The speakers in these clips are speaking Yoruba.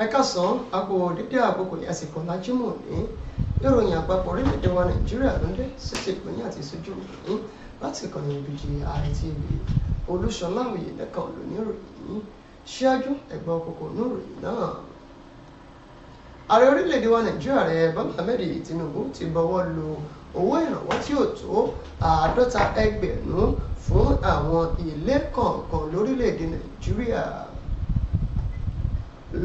ẹ káàsán àpò dídé àkókò ní àsìkò lájúmọ̀ ní ìròyìn àpapọ̀ orílẹ̀-èdè wa nàìjíríà lóde sétí ìpínlẹ̀ àti ìṣojú òní láti ìkànnì ìbejì RTV olùṣọlá òye lẹ́kàn lóníròyìn ṣíájú ẹ̀gbọ́n àkókò oníròyìn náà. ààrẹ orílẹ̀-èdè wa nàìjíríà rẹ̀ bọ́lá ahmed tinubu ti bọwọ́ lu owó ìrànwọ́ tí ò tó àádọ́ta ẹgbẹ̀rún fún àwọn ilé kọ̀ọ̀kan lórílẹ̀‐èdè nàìjíríà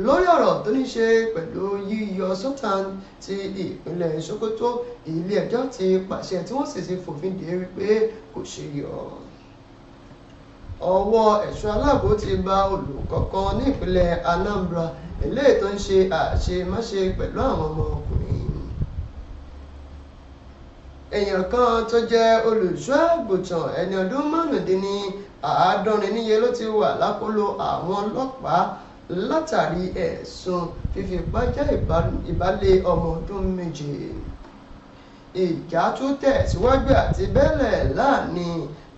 lórí ọ̀rọ̀ tó ní ṣe pẹ̀lú yíyọ sultan ti ìpínlẹ̀ sokoto ilé ẹjọ́ ti pàṣẹ tí wọ́n sì ti fòfin dè wípé kò ṣe yọ ọwọ́ ẹ̀ṣọ́ aláàbò ti bà olùkọ́ kan ní ìpínlẹ̀ anambra eléyìí tó ń ṣe àṣemáṣe pẹ̀lú àwọn ọmọ ọkùnrin èèyàn kan tó jẹ́ olùṣọ́ àgùntàn ẹni ọdún márùndínní àádọ́rin níye ló ti wà lákòlò àwọn ọlọ́pàá látàrí ẹ̀sùn fífipá jẹ́ ìbálé ọmọ ọdún méje ìjà tún tẹ̀síwájú àti bẹ́lẹ̀ láàánú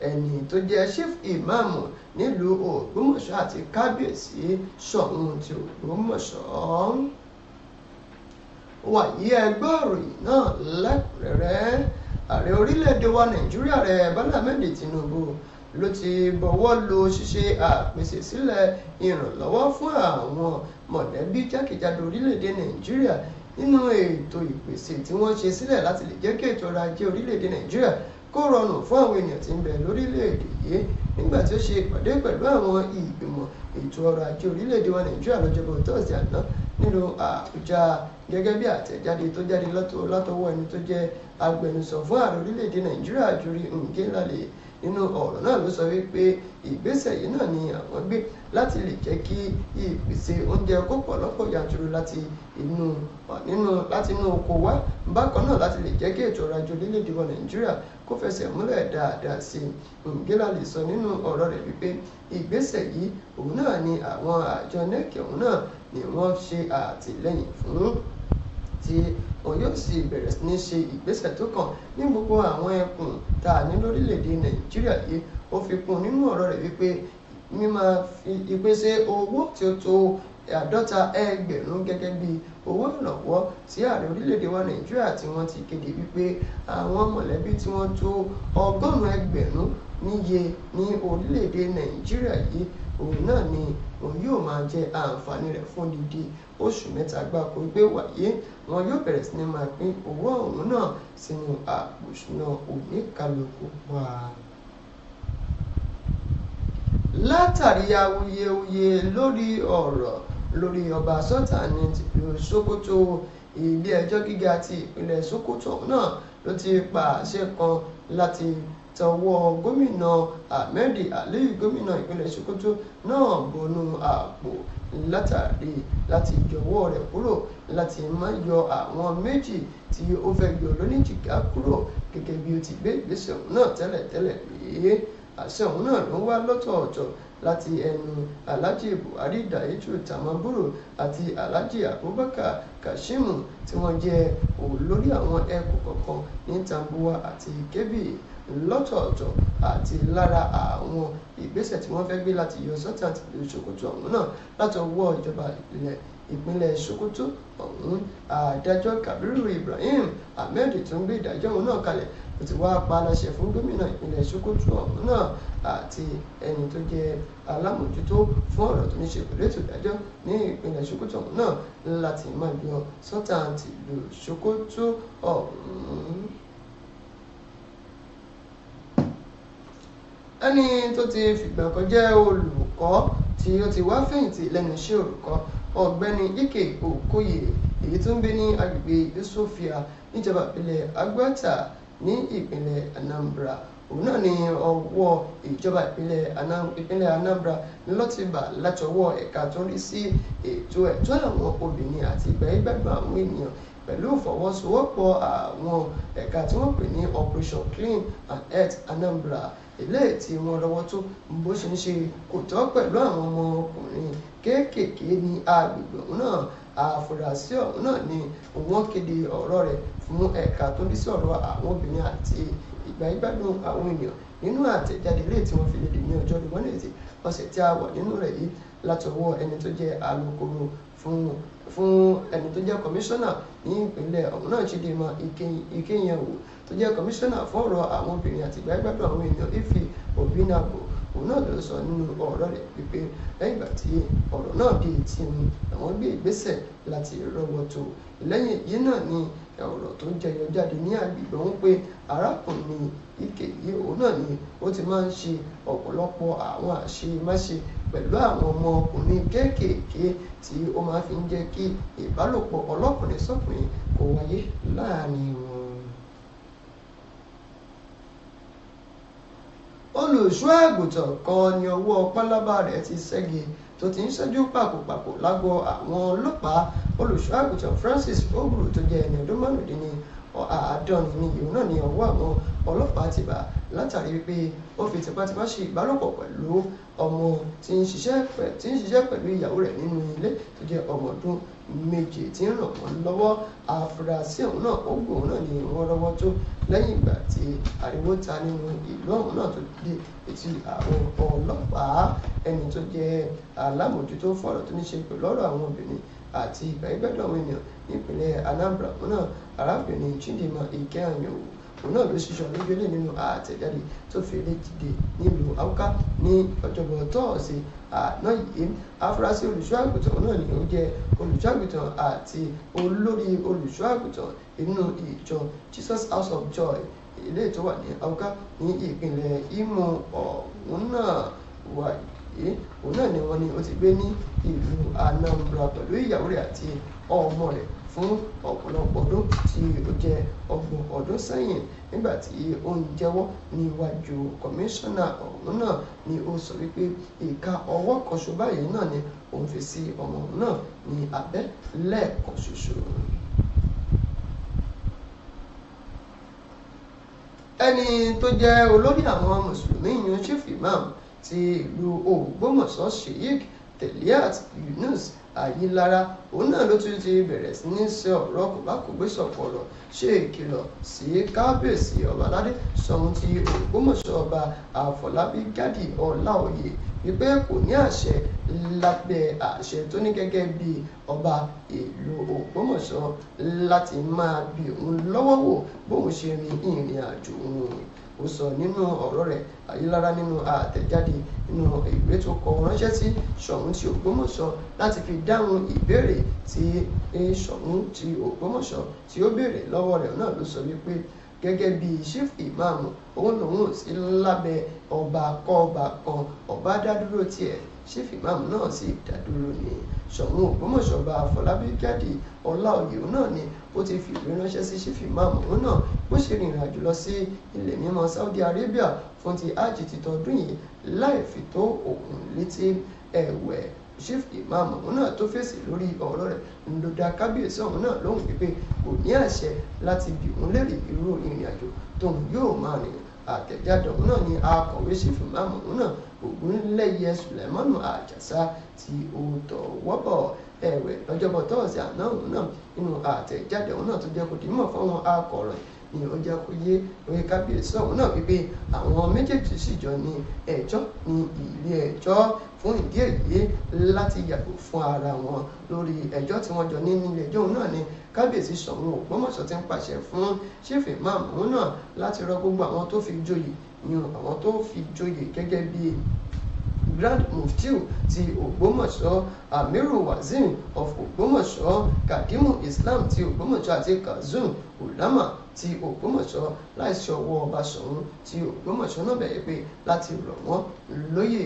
ẹni tó jẹ́ chief imam nílùú Ògbómọ̀ṣọ́ àti kábíyèsí Ṣọ̀ún ti Ògbómọ̀ṣọ́ wàyí ẹgbẹ́ ìròyìn náà lẹ́kùnrẹ́rẹ́ ààrẹ orílẹ̀-èdè wa nàìjíríà rẹ̀ bọ́lá mẹ́rin tinubu ló ti bọwọ́ lù ṣíṣe àpèsè sílẹ̀ ìrànlọ́wọ́ fún àwọn mọ̀lẹ́bí jákèjádò orílẹ̀-èdè nàìjíríà nínú ètò ìpèsè tí wọ́n ṣe sílẹ̀ láti lè jẹ́ kí ètò ọrọ̀ ajé orílẹ̀-èdè nàìjíríà kó rọrùn fún àwọn ènìyàn tí ń bẹ lórílẹ̀-èdè yìí nígbà tí ó ṣe ìpàdé pẹ̀lú àwọn ìgbìmọ̀ ètò ọrọ̀ ajé orílẹ̀-èdè wa nàìjíríà lọ́jọ́bọ̀ tọ́sí àná nílò àbújá gẹ́gẹ́ bí àtẹ̀jáde tó jáde látọwọ́ ẹni tó jẹ́ agbẹnusọ fún ààrẹ orílẹ̀-èdè nàìjíríà jury ngelale nínú ọ̀rọ̀ náà ló sọ wípé ìgbésẹ̀ yìí náà ni àwọn gbé láti lè jẹ́ kí ìpèsè oúnjẹ kó pọ̀ lọ́pọ̀ yanturu láti inú nínú láti inú oko wá bákan náà láti lè jẹ́ kí ètò ọrọ̀ ajé orílẹ̀-èdè wa nàìjíríà kó fẹsẹ̀ múlẹ̀ dáadáa sí i ngilali sọ nínú ọ̀rọ̀ rẹ̀ wípé ìgbésẹ̀ yìí òun náà ni àwọn àjọ nec òun náà ni wọ́n ṣe àtìlẹ́yìn fún ti òun yóò sì bẹ̀rẹ̀ sí ní ṣe ìgbésẹ̀ tó kàn ní gbogbo àwọn ẹkùn tá a ní lórílẹ̀‐èdè nàìjíríà yìí ó fi kún nínú ọ̀rọ̀ rẹ̀ wípé mímọ ìpèsè owó tí ó tó àádọ́ta ẹgbẹ̀rún gẹ́gẹ́ bí owó ìrànwọ́ sí ààrẹ orílẹ̀-èdè wa nàìjíríà tí wọ́n ti kéde wípé àwọn mọ̀lẹ́bí tí wọ́n tó ọgọ́rùn-ún ẹgbẹ̀rún níye ní orílẹ̀-èdè nàìjíríà yìí òun náà ni òun yóò máa jẹ àǹfààní rẹ̀ fún dídí oṣù mẹ́ta gbáko gbé wáyé wọn yóò bẹ̀rẹ̀ sí ni máa pín owó ọ̀hún náà sínú àpò ìṣúná oníkálukú wa látàrí awuyewuye lórí ọ̀rọ̀ lórí ọba Sọ́tàní tìlú Sókótó ilé ẹjọ́ gíga ti ìpínlẹ̀ Sókótó náà ló ti pàṣẹ kan láti tọwọ́ gómìnà Ahmed Aliyu gómìnà ìpínlẹ̀ Sókótó náà bọnú àpò látàrí láti jọ̀wọ́ rẹ̀ kúrò láti má yọ àwọn méjì tí ó fẹ́ yọ lóníjìká kúrò gẹ́gẹ́ bí ó ti gbé ìgbésẹ̀ náà tẹ́lẹ̀tẹ́lẹ̀ rí àṣẹ ọ̀hún náà ló ń wá lọ́tọ̀ọ̀tọ̀ láti ẹnu alhaji buhari daichu tamamburo àti alhaji abubakar kashimu tí wọ́n jẹ́ olórí àwọn ẹkùn kọ̀ọ̀kan ní tambuwa àti kebbi lọ́tọ̀ọ̀tọ̀ àti lára àwọn ìgbésẹ̀ tí wọ́n fẹ́ gbé láti yọ sọ́tà àti ìlú ọ̀hún náà láti ọwọ́ ìjọba ìpínlẹ̀ ìpínlẹ̀ Sokoto ọ̀hún adájọ́ Kabiru Ibrahim Ahmed tó ń gbé ìdájọ́ òun náà kalẹ̀ ó ti wá pa aláṣẹ fún gómìnà ìpínlẹ̀ Sokoto ọ̀hún náà àti ẹni tó jẹ́ alámòjútó fún ọ̀rọ̀ tó ní ṣe pẹ̀lú ètò ìdájọ́ ní ìpínlẹ̀ Sokoto ọ̀hún náà láti máa yọ sọ́tàǹtì ìlú Sokoto ọ̀hún. ẹni tó ti fìgbà kan jẹ́ olùkọ́ tí ó ti wá fẹ̀yìntì lẹ́nu iṣẹ́ olùkọ́ ọ̀gbẹ́ni yíkè òkóyè èyí tó ń gbé ní agbègbè ìlú sofia níjọba ìpínlẹ̀ agbata ní ìpínlẹ̀ anambra òun náà ni ọwọ́ ìjọba ìpínlẹ̀ anambra lọ́tìbà látọwọ́ ẹ̀ka tó rí sí ètò ẹ̀tọ́ àwọn obìnrin àti ìgbàgbọ́ àwọn ènìyàn pẹ̀lú ìfọwọ́sowọ́pọ̀ àwọn ẹ̀ka tí wọ́n pè ní operation clean and health anambra ilé tí wọ́n lọ́wọ́ tó bó ṣe ń ṣe kò tọ́ pẹ̀lú àwọn ọmọkùnrin kéékèèké ní agbègbè ọ̀hún náà àfúrásì ọ̀hún náà ni wọ́n kéde ọ̀rọ̀ rẹ̀ fún ẹ̀ka tó ń bí sí ọ̀rọ̀ àwọn obìnrin àti ìgbà ìgbádùn àwọn ènìyàn nínú àtẹ̀jáde ilé tí wọ́n fi léde ní ọjọ́ Wednesday ọ̀sẹ̀ tí a wà nínú rẹ̀ yìí látọwọ́ ẹni tó jẹ́ alukoro fún fún ẹni tó jẹ́ kọmíṣánná ní ìpínlẹ̀ ọ̀hún náà Chidinma Ikenyanwo tó jẹ́ kọmíṣánná fún ọ̀rọ̀ àwọn obìnrin àti ìgbà ìgbádùn àwọn ènìyàn Ife Obinabo òun náà ló sọ nínú ọ̀rọ̀ rẹ̀ wípé lẹ́yìn ìgbà tí ọ̀rọ̀ náà di ti ní àwọn gbé ìgbésẹ̀ láti rọwọ́ tó lẹ́yìn èyí náà ni ọ̀rọ̀ tó jẹyọ jáde ní agbègbè ọ̀hún pé arákùnrin ike yìí òun náà ni ó ti máa ń ṣe ọ̀pọ̀lọpọ̀ àwọn àṣemáṣe pẹ̀lú àwọn ọmọ ọkùnrin kéékèèké tí ó máa fi ń jẹ́ kí ìbálòpọ̀ ọlọ́kùnrin sọ́kùnrin kó wáyé láàárín wọn. olùṣọ́ àgùntàn kan ní ọwọ́ pálábá rẹ̀ ti ṣẹ́gi tó ti ń ṣẹ́jú pàkópàkó lágọ̀ọ́ àwọn ọlọ́pàá olùṣọ́ àgùntàn Francis Ogwu tó jẹ́ ẹni ọdún márùndínlẹ́ni àádọ́ni ni ìlú náà ní ọwọ́ àwọn ọlọ́pàá ti bà látàrí wípé ó fi tipátipá ṣe ìbálòpọ̀ pẹ̀lú ọmọ tí ń ṣiṣẹ́ pẹ̀lú ìyàwó rẹ̀ nínú ilé tó jẹ́ ọmọ ọdún méje tí ń ràn wọ́n lọ́wọ́ àfúrásì ọ̀hún náà ogun náà ni wọ́n rọ́wọ́ tó lẹ́yìn ìgbà tí ariwo ta nínú ìlú ọ̀hún náà tó dé etí àwọn ọlọ́pàá ẹni tó jẹ́ alámòjútó fọ̀rọ̀ tó ní ṣe pẹ̀lú ọ̀rọ̀ àwọn obìnrin àti ìgbà ìgbẹ́dọ̀ àwọn ènìyàn ìpínlẹ̀ Anambra òun náà arábìnrin Chidinma Ikeanyo òun náà ló ṣiṣọ́ lójú ilé nínú àtẹ̀jáde tó fi létí nílùú Awka ní ọjọ́bọ̀ tọ́ọ̀sì àná yìí afurasí olùṣọ́àgùtàn náà ni ó jẹ́ olùṣọ́àgùtàn àti olórí olùṣọ́àgùtàn inú ìjọ Jesus House of Joy ilé tó wà ní Awka ní ìpínlẹ̀ Imo ọ̀hún náà wà yìí òun náà ni wọ́n ní ó ti gbé ní ìlú Anambra pẹ̀lú ìyàwó rẹ̀ àti ọmọ rẹ̀ fún ọ̀pọ̀lọpọ̀ ọdún tí ó jẹ́ ọgbọ̀n ọdún sẹ́yìn nígbà tí ó ń jẹ́wọ́ níwájú kọmíṣánná ọ̀hún náà ni ó sọ wípé ìka ọwọ́ kan ṣo báyìí náà ni òun fi sí ọmọ náà ní abẹ́ lẹ́ẹ̀kan ṣoṣo. ẹni tó jẹ́ olórí àwọn mùsùlùmí yìí chief imam ti ìlú Ògbómọ̀ṣọ́ Sheik Teliat Yunus Ayílára òun náà ló tún ti bẹ̀rẹ̀ sí ní ṣe ọ̀rọ̀ kòbákògbé sọ̀pọ̀lọ̀ ṣe ìkìlọ̀ sí kábíyèsí ọbaládé sọ̀hún ti Ògbómọ̀ṣọ́ ọba Àfọlábí Gádì Ọláoyè wípé kò ní àṣẹ lábẹ́ àṣẹ tó ní gẹ́gẹ́ bí ọba ìlú Ògbómọ̀ṣọ́ láti máa bí òun lọ́wọ́ wò bóun ṣe rin ìrìn àjò òun ó sọ nínú ọ̀rọ̀ rẹ̀ ayélujára nínú àtẹ̀jáde nínú ìwé tó kọ ránṣẹ́ sí ṣọ̀ún ti ògbómọ̀ṣọ́ láti fi dáhùn ìbéèrè tí e, ṣọ̀ún ti ògbómọ̀ṣọ́ tí ó béèrè lọ́wọ́ rẹ̀ náà ló sọ wípé gẹ́gẹ́ bí chief imam òun lòun sí lábẹ́ ọba kọ́ ọba kan ọba dádúró tiẹ̀ chief imam náà sì dádúró ni ṣọ̀ún ògbómọ̀ṣọ́ba àfọlábí kẹ́dì ọláòyè òun náà ni ó ti fi ìwé ránṣẹ́ sí ṣífì máàmù òun náà bó ṣe rìnrìn àjò lọ sí ilẹ̀ mímọ́ saudi arabia fún ti hajj ti tọdún yìí láì fi tó òkun létí ẹ̀wẹ̀ ṣífì ìmáàmù òun náà tó fèsì lórí ọ̀rọ̀ rẹ̀ ńlọdà kábíyèsí ọ̀hún náà lóhùn pípé kò ní àṣẹ láti bì òun lérè irú ìrìn àjò tóun yóò máa rìn àtẹ̀jáde ọ̀hún náà ni akọ̀wé ṣèfì máàmù ọ̀hún náà Ògúnléyè Sùlẹ̀mọ́nù Àjàsá tí ó tọwọ́ bọ̀ ẹ̀wẹ̀ lọ́jọ́bọ̀ tọ́ọ̀sì àná ọ̀hún náà nínú àtẹ̀jáde ọ̀hún náà tó jẹ́ kó dìímọ̀ fáwọn akọ̀ròyìn ni ó jẹ́ kó yé orí kábíyèsí ọ̀hún náà wípé àwọn méjèèjì sì jọ ní ẹjọ́ ní ilé ẹjọ́ fún ìdí èyí láti yàgò fún ara wọn lórí ẹjọ́ tí wọ́n jọ ní nílé ẹjọ́ òun náà ni kábíyèsí Ṣọ̀ún Ògbómọ̀ṣọ́ ti ń pàṣẹ fún ṣèfè máàmù náà láti rọ gbogbo àwọn tó fi joyè ni àwọn tó fi joyè gẹ́gẹ́ bíi grand muftiu ti ògbómọ̀ṣọ́ amiru wazim of ògbómọ̀ṣọ́ kadimu islam ti ògbómọ̀ṣọ́ àti kazoom ulama ti ògbómọ̀ṣọ́ láìsí ọwọ́ ọbaṣọ̀run ti ògbómọ̀ṣọ́ náà bẹ̀rẹ̀ pé láti rọ̀ wọ́n lóyè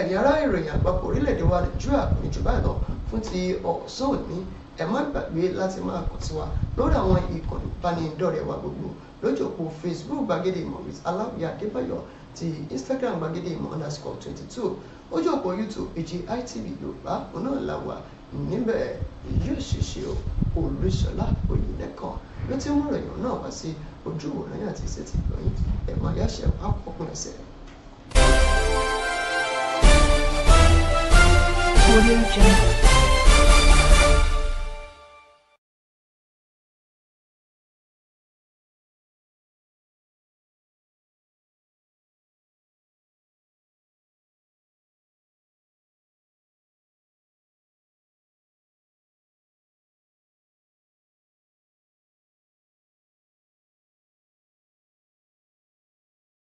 ẹ̀yin ará ìròyìn àpapọ̀ orílẹ̀-èdè wa nàìjíríà kò ní jù báyìí lọ fún ti ọ̀sán òní ẹ má gbàgbé láti máa kàn sí wa lórí àwọn ìkànnì ìbánidọ́rẹ̀ẹ́ wa gbogbo lójú òpó facebook gbàgede ìmọ̀ with aláwìyá adébáyọ̀ ti instagram gbàgede ìmọ̀ underscore twenty two ojú òpó youtube èjì itv yorùbá òun náà la wà níbẹ̀ yóò ṣiṣẹ́ olùṣọlá òyìnlẹ́kàn ló ti mú ìròyìn náà wá sí ojú òun náà ti ṣe ti lọ́yìn ẹ̀mọ́ Audio Jungle.